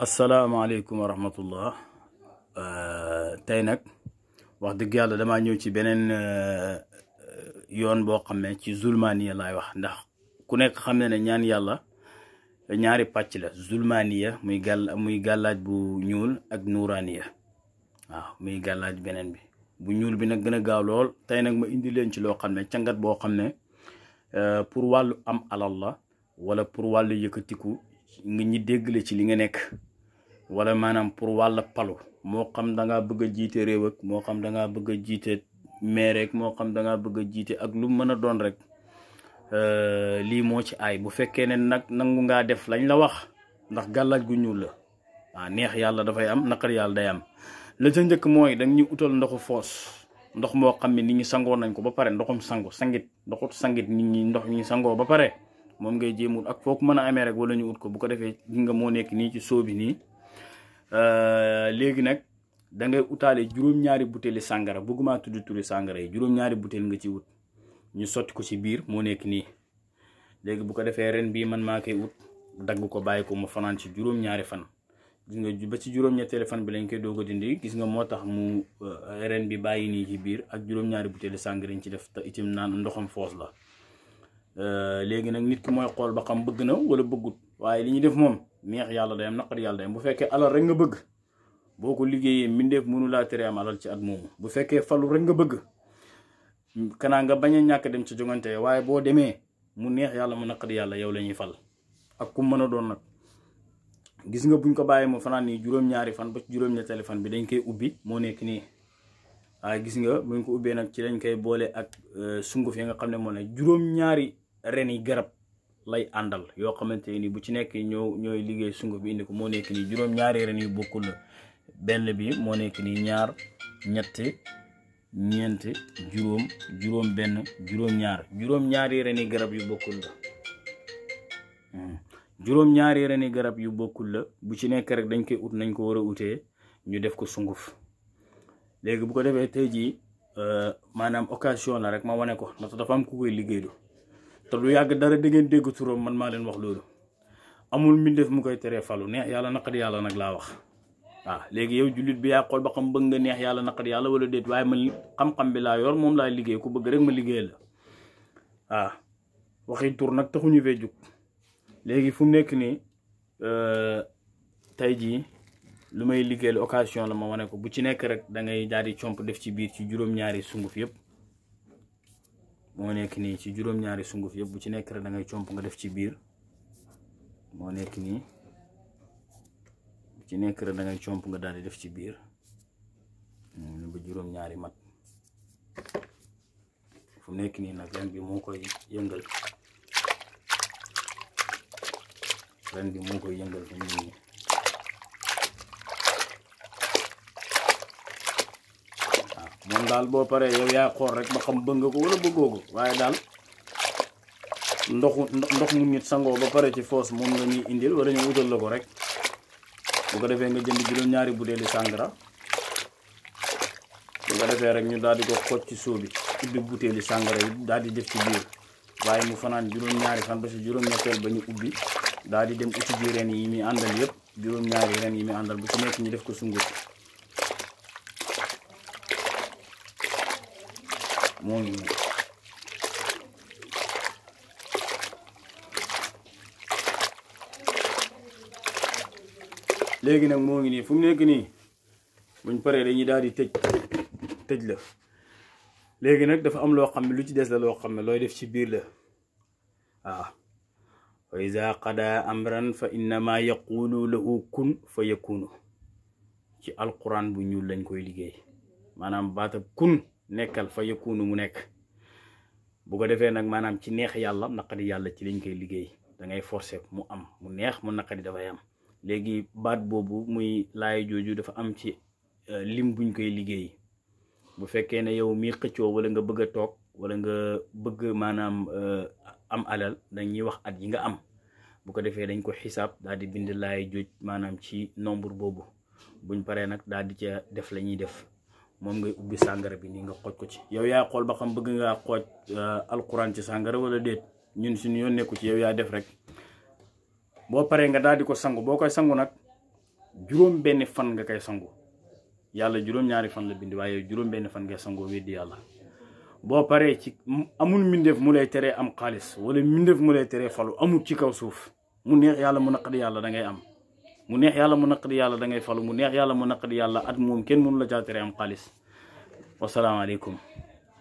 asalaamaaleykum wa rahmatullah euh, tey nag wax dëgg yàlla damaa ñëw ci beneen euh, yoon boo xam ne ci zulmaniya lay wax ndax ku nekk xam ne ne ñaan yàlla ñaari pàcc la zulmaniya muy gàll muy gàllaaj bu ñuul ak nuuraaniya waaw muy gàllaaj beneen bi bu ñuul bi nag gën a gaaw lool tey nag ma indi leen ci loo xam ne cangat boo xam ne euh, pour wàllu am alal la wala pour wàllu yëkkatiku nga ñi dégg la ci li nga nekk wala maanaam pour wàll palu moo xam da ngaa a jiite réew ak moo xam da ngaa bëgg a jiite maire ak moo xam da ngaa a jiite ak lu mën a doon rek euh, lii moo ci aay bu fekkee ne nag nangu ngaa def lañ la wax ndax gàllaaj gu ñuul la waaw ah, neex yàlla dafay am naqar yàlla day am la ca njëkk mooy dañ ñu utal ndoxu foos ndox moo xam ne nit ñi sangoo nañ ko ba pare ndoxum sangu sangit ndoxut sangit nit ñi ndox ñi sangoo ba pare moom ngay jéemul ak foo mën a amee rek wala ñu ut ko bu ko defee gi moo nekk nii ci soo bi nii Euh, léegi nag da ngay utaale juróom-ñaari butéeli sàngara bëgguma tudd turi sàngara yi juróom-ñaari butéel nga ci wut ñu sotti ko ci biir moo nekk nii léegi bu ko defee ren bii man maa koy wut dagg ko bàyyi ko mu fanaan ci juróom-ñaari fan gis nga ba ci juróom-ñetteeli fan bi lañ koy doog ko dindi gis nga moo tax mu euh, ren bi bàyyi nii ci biir ak juróom-ñaari butéeli sàngara ñu ci def te itam naan ndoxam foos la euh, léegi nag nit ki mooy xool ba xam bëgg na wala bëggut waaye li def moom neex yalla day am naqari yàlla day am bu fekke alal rek nga bëgg boko liggéey mindeef mënu la téré am alal ci at mom bu fekke falu rek nga bëgg kana nga baña ñak dem ci jongante waye bo démé mu neex yalla mu naqari yalla yow lañuy fal ak ku mëna doon nak gis nga buñ ko bayé mo fanan ni juroom ñaari fan ba ci juroom ñetteelu fan bi dañ koy ubbi mo nekk ni ay gis nga buñ ko ubbé nak ci lañ koy boole ak euh, sunguf yi nga xamné mo moo ne juróom-ñaari reni garab lay àndal yoo xamante ni bu ci nekk ñoo ñooy liggéey sunguf bi indi ko moo nekk ni juróom-ñaari ren yu bokkul la benn bi moo nekk ni ñaar ñetti ñeent juróom juróom benn juróom-ñaar juróom ren yi garab yu bokkul la hmm. juróom-ñaari ren garab yu bokkul la bu ci nekk rek dañ koy ut nañ ko war a utee ñu def ko sunguf léegi bu ko defee tey jii euh, maanaam occasion la rek ma wane ko ndax dafa am ku koy liggéey du te lu yàgg dara da ngeen dégg turam man maa leen wax loolu amul mbindeef mu koy teree falu neex yàlla naqari yàlla nag laa wax waaw ah, léegi yow jullit bi yaa xool ba xam bëgg nga neex yàlla naqari yàlla wala déet waaye ma xam-xam bi laa yor moom laa liggéey ku bëgg rek ma liggéey la waaw ah, waxi tur nag taxuñu fee jug léegi fu mu nekk nii eh, tey jii lu may liggéeyal occasion la ma wane ko bu ci nekk rek da ngay jaar di comp def ci biir ci juróom-ñaari sunguf yëpp moo nekk nii ci juróom-ñaari sunguf yëpp bu ci nekk rek da comp nga def ci biir moo nekk nii ci nekk rek comp nga daal def ci biir ba juróom-ñaari mat fu nekk nii nag ren bi moo koy yëngal ren bi moo koy yëngal fu mu nii moom daal boo paree yow yaa xool rek ba xam bëgg nga ko wala bëggoo ko waaye daal ndoxu ndox mu nit sangoo ba pare ci foos moom la ñuy indil wala ñu wutal la ko rek bu ko defee nga jënd juróom-ñaari butéeli sàngara bu ko defee rek ñu daal ko xoj ci soo bi ubbi butéeli sàngara yi daal di def ci biir waaye mu fanaan juróom-ñaari fan ba si juróom-ñetteel ba ñu ubbi daal di dem uti ji ren yi muy àndal yëpp juróom-ñaari ren yi muy àndal bu ci nekk ñu def ko sungut muy léegi nag moo ngi nii fu mu nekk nii buñ paree dañuy daal di tëj tëj la léegi nag dafa am loo xam ne lu ci des la loo xam ne looy def ci biir la waaw wa ida qadaa amran fa innama yaqulu lahu kun fa yakunu ci alquran bu ñuul lañ koy liggéey maanaam baata kun nekkal fa yëkkuunu mu nekk bu ko defee nag maanaam ci neex yàlla naqari yàlla ci lañ koy liggéey da ngay forcer mu am mu neex mu naqari dafay am léegi baat boobu muy laay jooju dafa am ci euh, lim buñ koy liggéey bu fekkee ne yow mi xëccoo wala nga bëgg a toog wala nga bëgg maanaam euh, am alal dañuy wax at yi nga am bu ko defee dañ ko xisaab daal di bind laay jooj maanaam ci nombre boobu buñ paree nag daal di ca def la ñuy def moom ngay ubbi sàngara bi nii nga xooj ko ci yow yaa xool ba xam bëgg ngaa xooj uh, alquran ci sàngara wala déet ñun suñu yoon nekku ci yow yaa def rek boo paree nga daal di ko sangu boo koy sangu nag juróom benn fan nga koy sangu yàlla juróom-ñaari fan la bind waaye juróom fan ngay sangoo weddi yàlla boo paree ci amul mu lay teree am xaalis wala mbindeef mu lay teree falu amul ci kaw suuf mu neex yàlla mu naqari yàlla da ngay am mu neex yàlla mu naqari yàlla da ngay falu mu neex yàlla mu naqari yàlla at moom kenn mënu la caa tere am xaalis wasalaamaaleykum